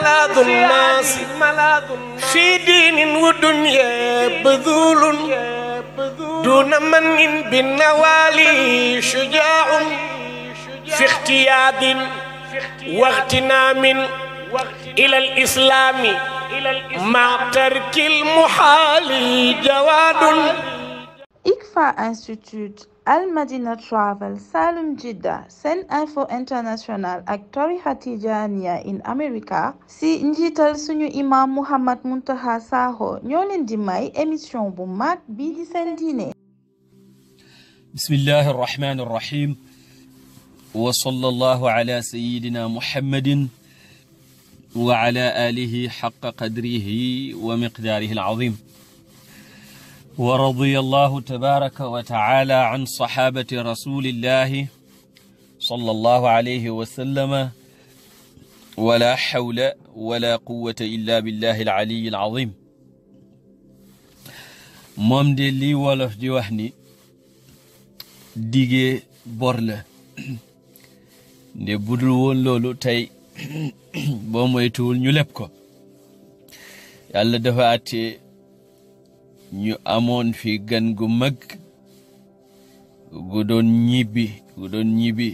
ملاذ الناس في دين ودنيا بذول دون من بالنوالي شجاع في اختياد واغتنام إلى الإسلام مع ترك المحال جواد ICFA Institute Al Madina Travel Salum Jidda Sen Info International ak tarixa Tijaaniya in America si njiital suñu imam Mouhammad Muntaqa Sakho ñoo leen di may émission bu mag bii di seen diine bismillahi arrahmani arrahim wa sallallahu ala sayidina muhammadin wa ala alihi xaqa qadrihi wa miqdaarihi alazim ورضي الله تبارك وتعالى عن صحابة رسول الله صلى الله عليه وسلم ولا حول ولا قوة إلا بالله العلي العظيم moom de lii wolof di wax ni digee bor la nde budul woon loolu tey boo moytuwul ñu leb ko yàlla dafa àtte ñu amoon fi gan gu mag gu doon ñibbi gu doon ñibbi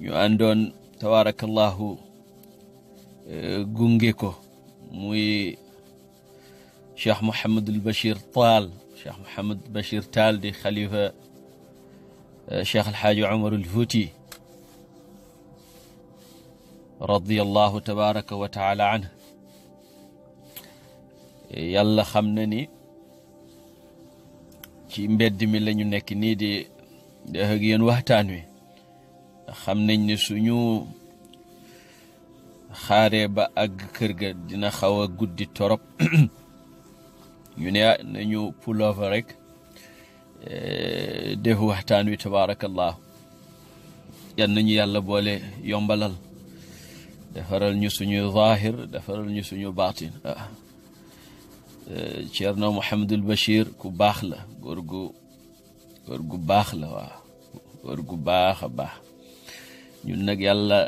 ñu àndoon tabaarakallahu eh, gunge ko muy cheikh Mouhamadul Bachir Taal cheikh Mouhamad Bachir Taal di xalifa eh, cheikh alxaaji Omarul Fuuti radiyallahu tabaraka wa taala anhu yàlla xam na ni ci mbedd mi lañu nekk nii di def ak yéen waxtaan wi xam nañ ne suñu xaaree ba àgg kër ga dina xaw a guddi torop ñu ne ah, nañu pullover rek e, defu waxtaan wi tabaarakallah yan nañu yàlla boole yombalal defaral ñu suñu zaahir defaral ñu suñu baatin ah. Ceerno eh, Mouhamadul Bachir ku baax la góor gu góor gu baax la waaw góor gu baax a baax ñun nag yàlla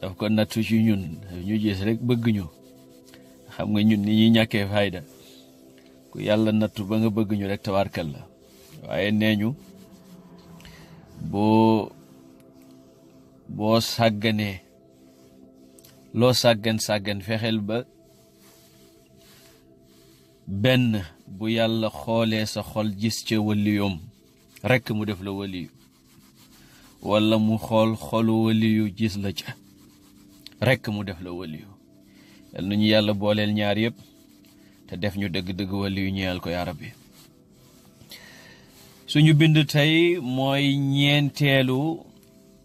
daf ko nattu ci ñun ñu jees rek bëgguñu ñu xam nga ñun ni ñuy ñàkkee fayda ku yàlla nattu ba nga bëgg ñu rek tawarkal la waaye nee ñu boo boo sàgganee loo sàggan sàggan fexeel ba benn bu yàlla xoolee sa xol gis ca waliyoom rekk mu def la waliyu wala mu xool xolu waliyu gis la ca rekk mu def la waliyu yal na ñu yàlla booleel ñaar yëpp te def ñu dëgg-dëgg waliyu ñeel ko yaa rabbi suñu bind tey mooy ñeenteelu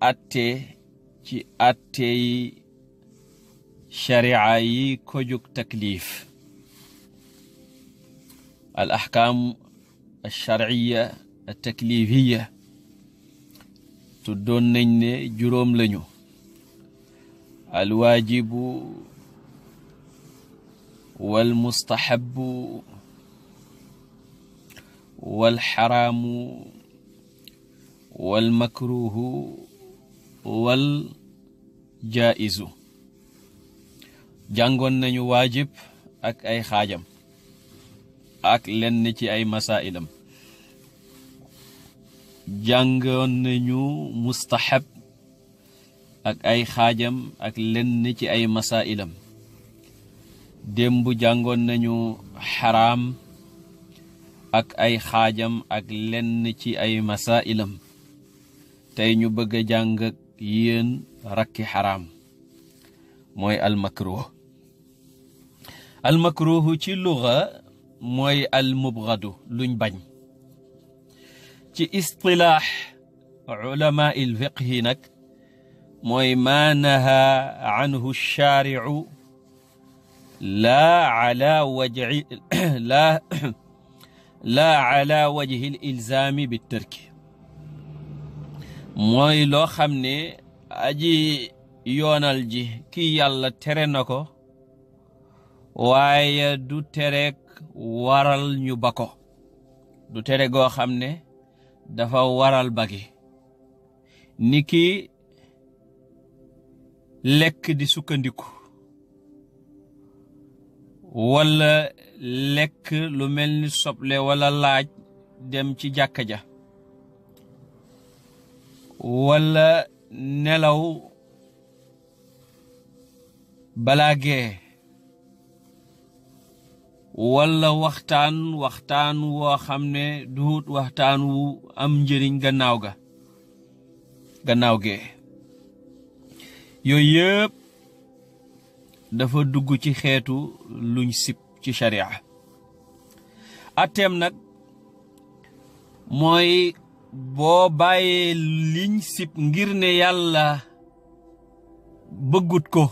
atte ci atte yi yi ko jóg al ahkam alcharciya altaklifiya tuddoon nañ ne juróom lañu alwaajibu walmustahabu walxaraamu walmakruhu waljaizu jàngoon nañu waajib ak ay xaajam ak lenn ci ay masaa'ilam jàngoon nañu mustahab ak ay xaajam ak lenn ci ay masaa'ilam démb jàngoon nañu xaraam ak ay xaajam ak lenn ci ay ilam tey ñu bëgg a jàng ak yéen rakki xaraam mooy almakruh almakruhu ci luga mooy al mubgadu luñ bañ ci istilaax ulamaa il fiqhi nag mooy maa naha anhu shaaricu laa ala wajhi laa laa ala wajhi l ilzaami bi tërki mooy loo xam ne aji yoonal ji ki yàlla tere na ko waaye du tere waral ñu ba du tere goo xam ne dafa waral ba gi ni ki lekk di sukkandiku wala lekk lu mel ni soble walla laaj dem ci jàkka ja wala nelaw balaa wala waxtaan waxtaan woo xam ne duut waxtaan wu am njëriñ gannaaw ga gannaaw gee yooyu yëpp dafa dugg ci xeetu luñ sib ci sharia atteem nag mooy boo bàyyee liñ sib ngir ne yàlla bëggut ko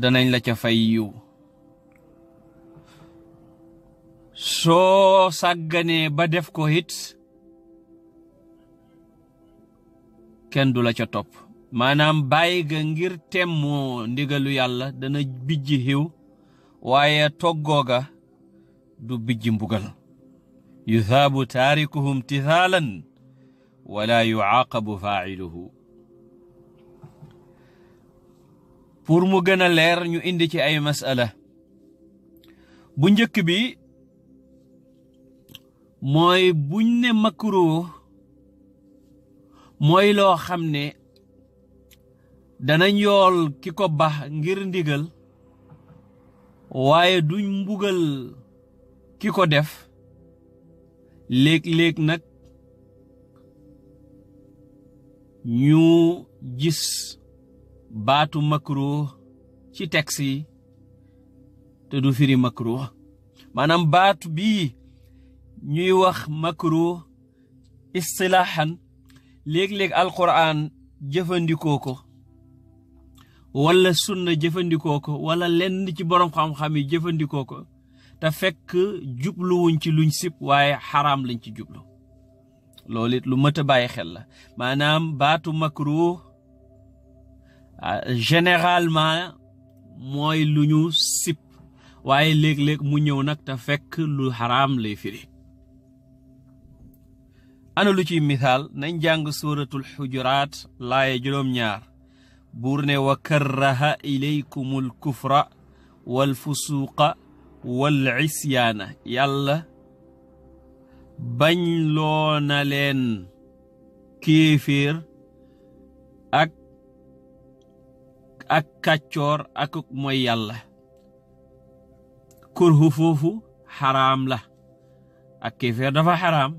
danañ la ca fay yiw soo sàgganee ba def ko it kenn du la ca topp maanaam bàyyi ngir temmoo ndigalu yàlla dana bijj xiw waaye toggoo ga du bijj mbugal yuthaabu taarikuhum tithaalan wala yucaaqabu faaciluhu pour mu gën a leer ñu indi ci ay masala bu njëkk bi mooy buñ ne makruh mooy loo xam ne dana yool ki ko bax ngir ndigal waaye duñ mbugal ki ko def léeg-léeg nag ñu gis baatu makruh ci texte yi te du firi makruh maanaam baatu bii ñuy wax makruh istilaahan léeg-léeg alquran jëfandikoo ko wala sunna jëfandikoo ko wala lenn ci boroom xam-xam yi jëfandikoo ko te fekk jubluwuñ ci luñ sib waaye xaraam lañ ci jublu loolu it lu mët bàyyi xel la maanaam baatu makruh Euh, généralement mooy lu ñu sip waaye léeg mu ñëw nag fekk lu xaraam lay lu ciy misaal nañ jàng suuratul xujuraat laaye juróom-ñaar buur ne wa karraha ilaykum al kufra wal fusuuqa wal isyaana yàlla bañ loo na leen kéeféer ak ak kàccoor ak mooy yàlla kurhu foofu xaraam la ak kéefeer dafa xaraam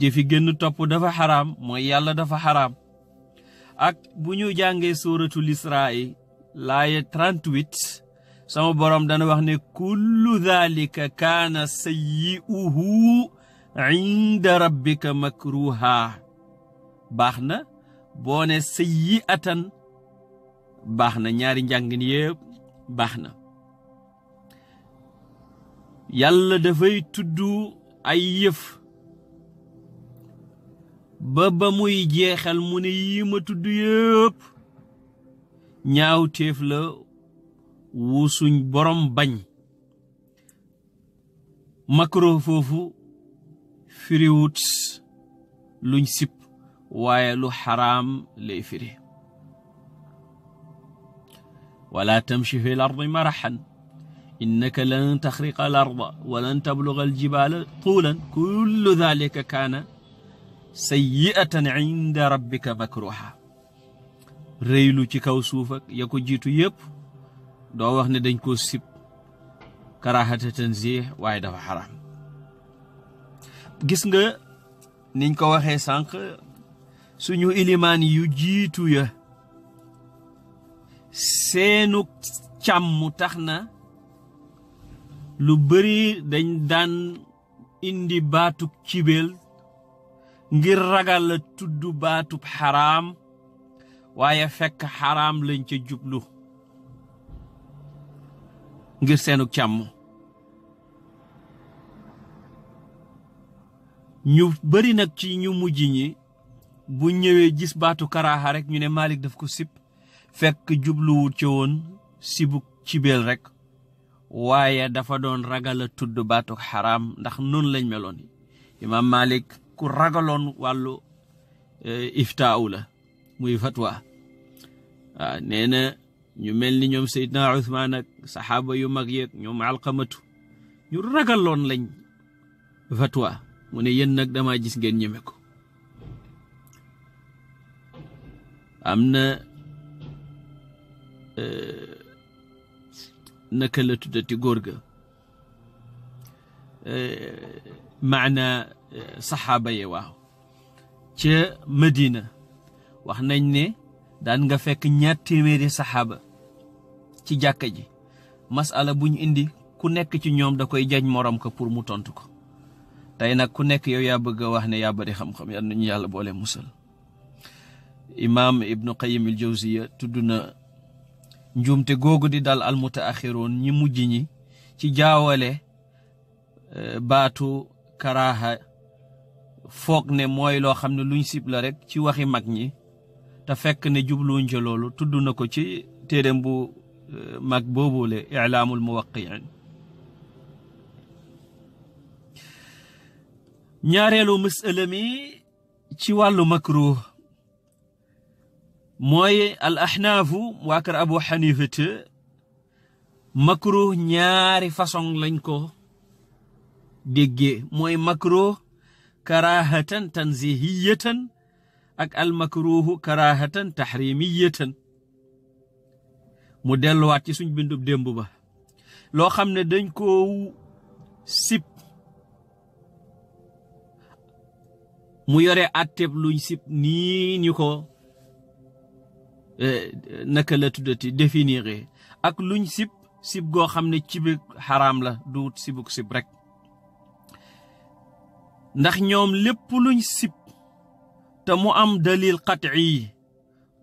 jëfi génn topp dafa xaraam mooy yàlla dafa xaraam ak bu ñu jàngee sóoratul Israa laaye 38 sama boroom dana wax ne kullu dhalika kaana sayyi'uhu inda rabbika makruha baax na boo ne sayyi'atan baax na ñaari njàngin yëpp baax na yàlla dafay tudd ay yëf ba ba muy jeexal mu ne yii ma tudd yëpp ñaaw téef la wu suñ borom bañ makro foofu firiwut luñ sip waaye lu xaraam lay firi wala tamshi fi l maraxan innaka lan taxriqa al arda walan tabluga al tuulan kullu dalika kaana sayyi'atan inda rabbika makruha réylu ci kaw suuf ak ko jiitu yëpp doo wax ne dañ koo sib karaahata waaye dafa xaraam gis nga niñ ko waxee sànq suñu ilimaan yu jiitu ya seenu càmm tax na lu bari dañ daan indi baatub cibeel ngir ragal la tudd baatub xaraam waaye fekk xaraam lañ ca jublu ngir seenu càmm ñu bari nag ci ñu mujj ñi bu ñëwee gis baatu karaaxa rek ñu ne Malik daf ko sip fekk jubluwut ci woon sibuk cibeel rekk waaye dafa doon ragal a tudd baatu xaraam ndax noonu lañ meloon imaam Malik ku ragaloon wàllu eh, iftaaw la muy fatwa waaw ah, ñu mel ni ñoom Seydina Uthman ak saxaaba yu mag yeeg ñoom alqamatu ñu ragaloon lañ fatwa mu ne yéen nag dama gis ngeen ñeme ko Euh, naka la tuddati góor ga euh, maana euh, saxaaba yi waaw ca Madina wax nañ ne daan nga fekk ñaar téeméeri saxaaba ci jàkka ji masala bu ñu indi ku nekk ci ñoom da koy jañ morom ko pour mu tontu ko tey nag ku nekk yow yaa bëgg a wax ne yaa bari xam-xam yal nañu yàlla boole musal imaam ibnu Qayyim al-Jawziya tudd na njuumte googu di dal al mutaaxiroon ñi mujj ñi ci jaawale e, baatu karaaxa foog ne mooy loo xam ne luñ sib la rek ci waxi mag ñi te fekk ne jubluwuñ ca loolu tudd na ko ci téeréem bu e, mag boobule ilaamul muwaqiin ñaareelu masala mi ci wàllu makruh mooy al ahnaafu waa kër abu xanifa makruh ñaari façon lañ ko déggee mooy makruh karahatan tanzihiyatan ak al makruhu karahatan tahrimiyatan mu delluwaat ci suñ bindub démb ba loo xam ne dañ koo sip mu yore àtteeb luñ sip nii ñu ko Euh, naka la tuddati définir ak luñ sib sib goo xam ne cibig xaraam la duut sibuk sib rek ndax ñoom lépp luñ sib te mu am dalil qat'i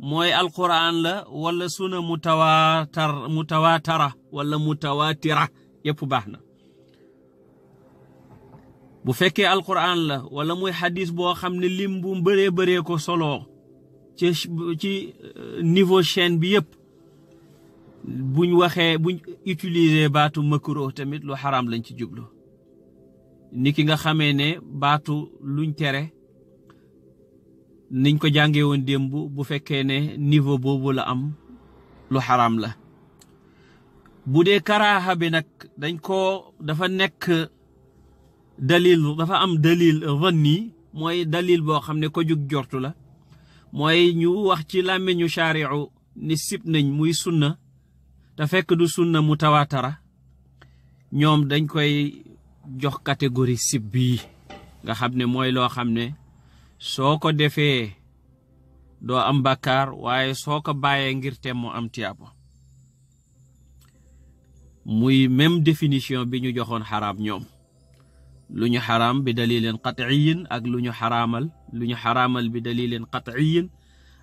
mooy alxuraan la walla suna mutawaatar mutawaatara wala mutawaatira yépp baax na bu fekkee alxuraan la wala muy xadis boo xam ne lim bu mbëree bëree ko solo ci ci euh, niveau chaîne bi yëpp buñ waxee buñ utiliser baatu makruh tamit lu xaraam lañ ci jublu ni ki nga xamee ne baatu luñ tere niñ ko jàngee woon démb bu fekkee ne niveau boobu la am lu xaraam la bu dee karaaxa bi nag dañ koo dafa nekk dalil dafa am dalil nii mooy dalil boo xam ne ko jug jortu la mooy ñu wax ci làmmiñu shaariu ni sib nañ muy sunna te fekk du sunna mu tawaatara ñoom dañ koy jox catégorie sib bii nga xam ne mooy loo xam ne soo ko defee doo am bàkkaar waaye soo ko bàyyee ngir tem mu am tiyaabo muy même définition bi ñu joxoon xaraam ñoom lu ñu xaraam bi dalileen qat'iyin ak lu ñu xaraamal lu ñu xaraamal bi dalilin qatciyin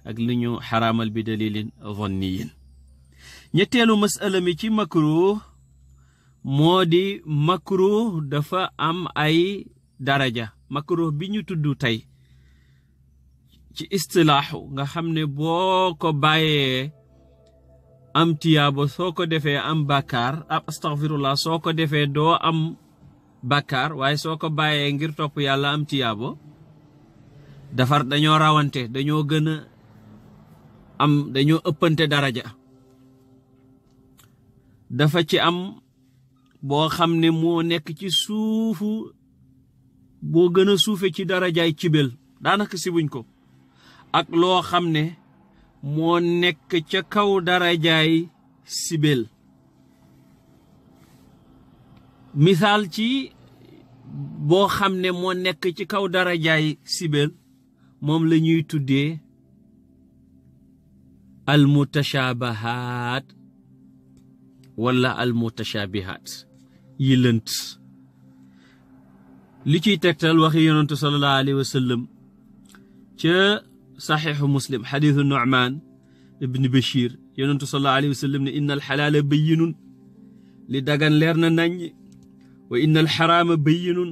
ak lu ñu xaraamal bi dalilin zanniyin ñetteelu masala mi ci makruh moo di makruh dafa am ay daraja makruh bi ñu tudd tey ci istilaaxu nga xam ne boo ko bàyyee am tiyaabo soo ko defee am bàkkaar ab astaghfirullah soo ko defee doo am bàkkaar waaye soo ko bàyyee ngir topp yàlla am tiyaabo dafar dañoo rawante dañoo gën a am dañoo ëppante daraja dafa ci am boo xam ne moo nekk ci suufu boo gën a suufe ci darajaay cibel daanaka si buñ ko ak loo xam ne moo nekk ca kaw darajaay sibel misaal ci boo xam ne moo nekk ci kaw darajaay sibel moom la ñuy tuddee almutashabahaat wala almutashabihaat yi li ciy tegtal waxi yonentu sallallahu alayhi wa sallam ca saxiixu muslim xadiisu nucmaan ibni bachir yonentu sallallahu alayhi wa ne inna alxalaala bayinun li dagan leer na naññ wa inna alxaraama bayinun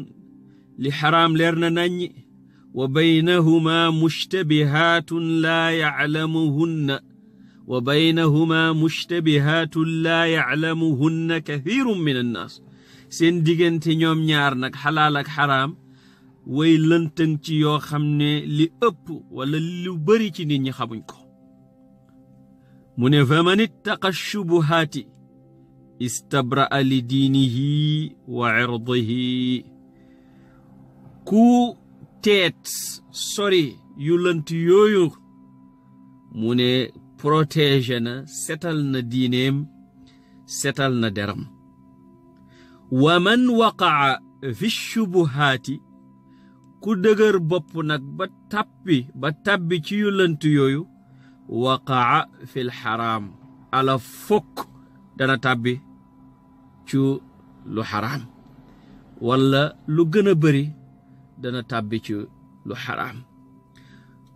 li xaraam leer na naññ wa baynahuma mushtabihaatun laa yaclamuhunna wa baynahuma mushtabihaatun laa yaclamuhunna kathiirun min annaas seen diggante ñoom ñaar nag xalaal ak xaraam way lëntëng ci yoo xam ne li ëpp wala lu bari ci nit ñi xamuñ ko mu ne faman ittaqa shubuhaati istabra'a li diinihi wa irdihi teet sori yu lënt yooyu mu ne protéger na setal na diineem setal na deram wa man waqaa fi shubuhaati ku dëgër bopp nag ba tàppi ba tàbbi ci yu lënt yooyu waqaa fil xaraam ala fokk dana tàbbi ci lu xaraam walla lu gën a bari dana tàbbi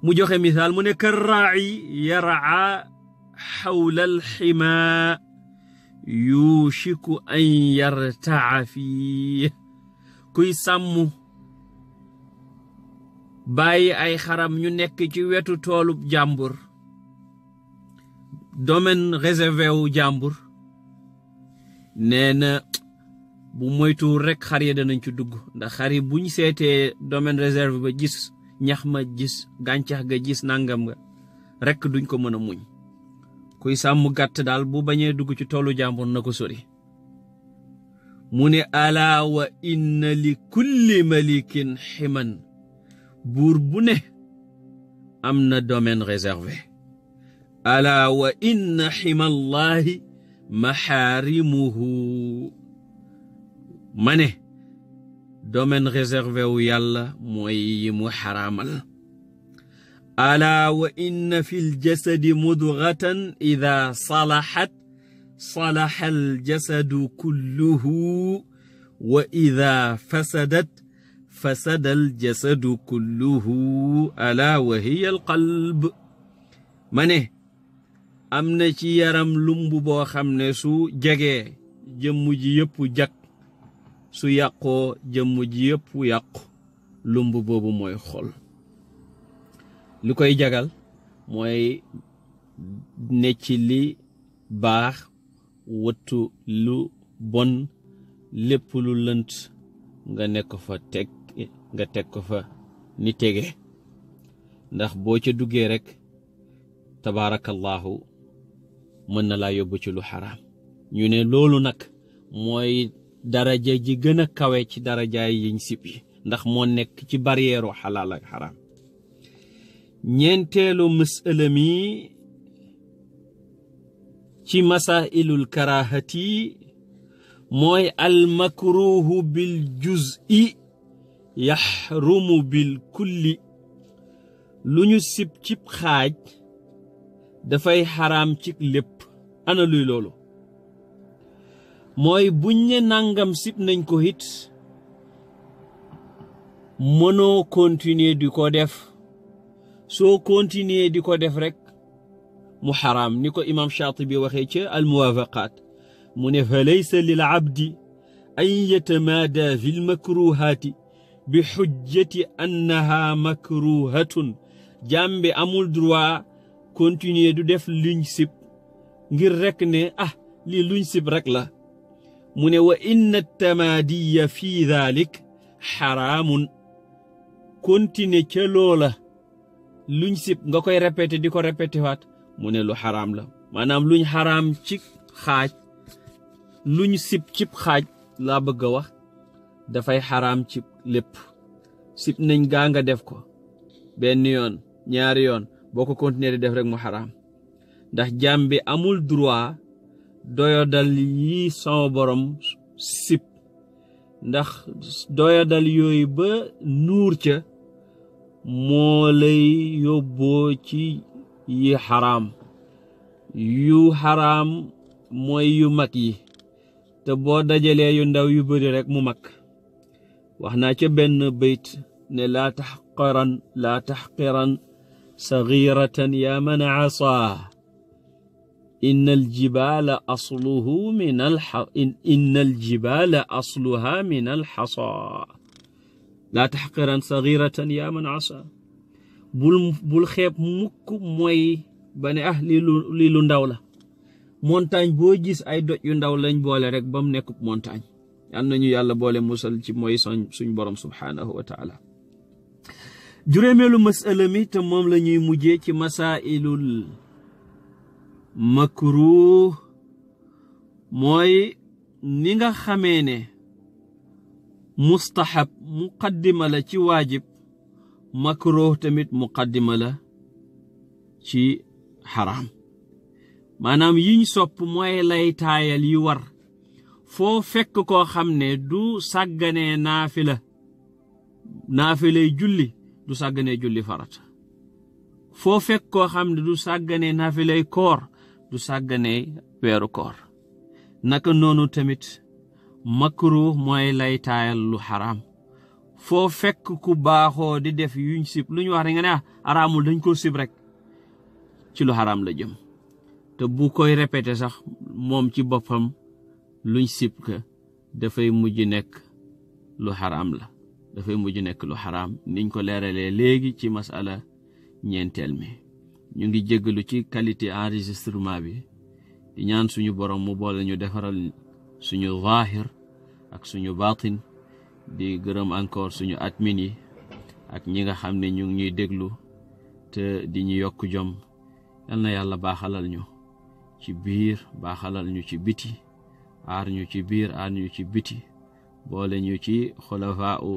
mu joxe misaal mu ne ka raaci yarca xawla alximaa yuushiku an yartaca fii kuy sàmm bàyyi ay xaram ñu nekk ci wetu toolub jàmbur domaine réservé wu jàmbur nee bu moytuwul rek xar yi danañ ci dugg ndax xar yi buñ seetee domaine réserve ba gis ñax ma gis gàncax ga gis nangam nga rekk duñ ko mën a muñ kuy sàmm gàtt daal bu bañee dugg ci toolu jàmbur na ko sori mu ne alaa wa inna li kulli malikin buur bu ne am na domaine réservé alaa wa inna ximallaahi maxaarimuhu mane ne domaine réservé wu yàlla mooy yi mu xaraamal alaa wa inna fi ljasadi mudgatan ida salaxat salaxa aljasadu kulluhu wa ida wa hiya alqalb ma ne am na ci yaram lumb boo xam ne su jegee jëmm su yàqoo jëmm ji yëpp yàqu lumb boobu mooy xol li koy jagal mooy ne ci li baax wëttu lu bon lépp lu lënt nga nekk fa teg nga teg ko fa ni tege ndax boo ca duggee rek tabaarakallaahu mën na laa yóbbu ci lu xaraam ñu ne loolu nag mooy daraja ji gën a kawe ci darajaay yiñ sib ndax moo nekk ci barrière xalaal ak xaraam ñeenteelu masala mi ci masailul karahati mooy al makruhu bil juz'i yaxrumu bil kulli lu ñu sib cib xaaj dafay xaraam ci lépp ana loolu mooy bu ne nangam sib nañ ko it mënoo continuer di ko def soo continuer di ko def rekk mu xaraam ni ko imaam bi waxee ca almuwaafaqaat mu ne fa laysa lil abdi an yatamaada fi lmakruhaati bi xujjati annaha makruhatun jàmbe amul droit continuer du def luñ sib ngir rekk ne ah lii luñ sib rek la mu ne wa inna tamaadiya fii daalik xaraamun kontine ca loola luñ sib nga koy répété di ko répété waat mu ne lu xaraam la maanaam luñ xaraam ci xaaj lu luñ sib cib xaaj laa bëgg a wax dafay xaraam ci lépp sib nañ gaa nga def ko benn yoon ñaari yoon boo ko continuer di def rek mu xaraam ndax jaam bi amul droit doyadal yi sama borom sip ndax doyadal yooyu ba nuur ca moo lay yóbboo ci yi xaraam yu xaraam mooy yu mag yi te boo dajalee yu ndaw yu bëri rekk mu mag wax naa ca benn bayt ne laa taxqiran laa taxqiran saxiratan yaa man asaa innal jibaala asluhu min al innal jibaala asluha min al xasa laa taxqiran saxiratan yaa man asa bul bul xeeb mukk mooy ba ah lii lu lii ndaw la montagne boo gis ay doj yu ndaw lañ boole rek ba mu nekk montagne yal nañu yàlla boole musal ci mooy suñ borom subhaanahu wa taala juróomeelu masala mi te mujjee ci masailul makruh ni nga xamee ne mustahab muqaddima la ci waajib makruh tamit muqaddima la ci xaraam maanaam yiñ sopp mooy lay taayal yi war foo fekk koo xam ne du sàgganee naafila naafilay julli du sàgganee julli farata foo fekk koo xam ne du sàgganee naafilay koor du sàgganee weeru koor naka noonu tamit makruh mooy lay taayal lu xaraam foo fekk ku baaxoo di def yuñ sib lu ñu wax rek nga ne ah araamul dañ koo sib rek ci lu xaraam la jëm te bu koy répété sax moom ci boppam luñ sib ka dafay mujj nekk lu xaraam la dafay mujj nekk lu xaraam niñ ko leeralee léegi ci masala ñenteel mi ñu ngi jéggalu ci qualité enregistrement bi di ñaan suñu borom mu boole ñu defaral suñu zaahir ak suñu baatin di gërëm encore suñu admin yi ak ñi nga xam ne ñu ngi ñuy déglu te di ñu yokk jom yal na yàlla baaxalal ñu ci biir baaxalal ñu ci biti aar ñu ci biir aar ñu ci biti boole ñu ci xulafaa u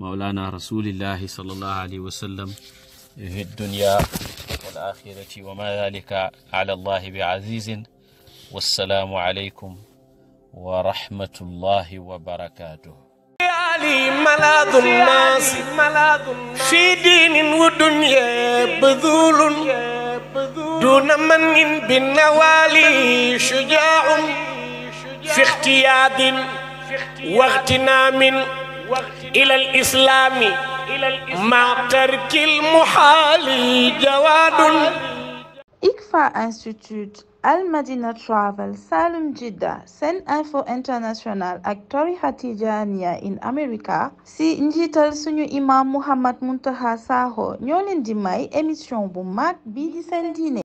mawlaana rasulillahi sallallahu alayhi wa fi dunya الآخرة وما ذلك على الله بعزيز والسلام عليكم ورحمة الله وبركاته علي ملاذ الناس في دين ودنيا بذول دون من بالنوالي شجاع في اختياد واغتنام إلى الإسلام مع ترك المحال جواد ICFA Institute Al Madina Travel Salum Jidda seen Info International ak tarixa Tijaaniya in America si njiital suñu imam Mouhammad Muntaqa Sakho ñoo di may émission bu mag bii di seen diine